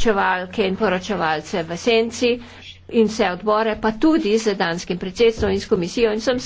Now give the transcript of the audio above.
poročevalke in poročevalce v senci in vse odbore, pa tudi z danskim predsedstvom in s komisijo in sem se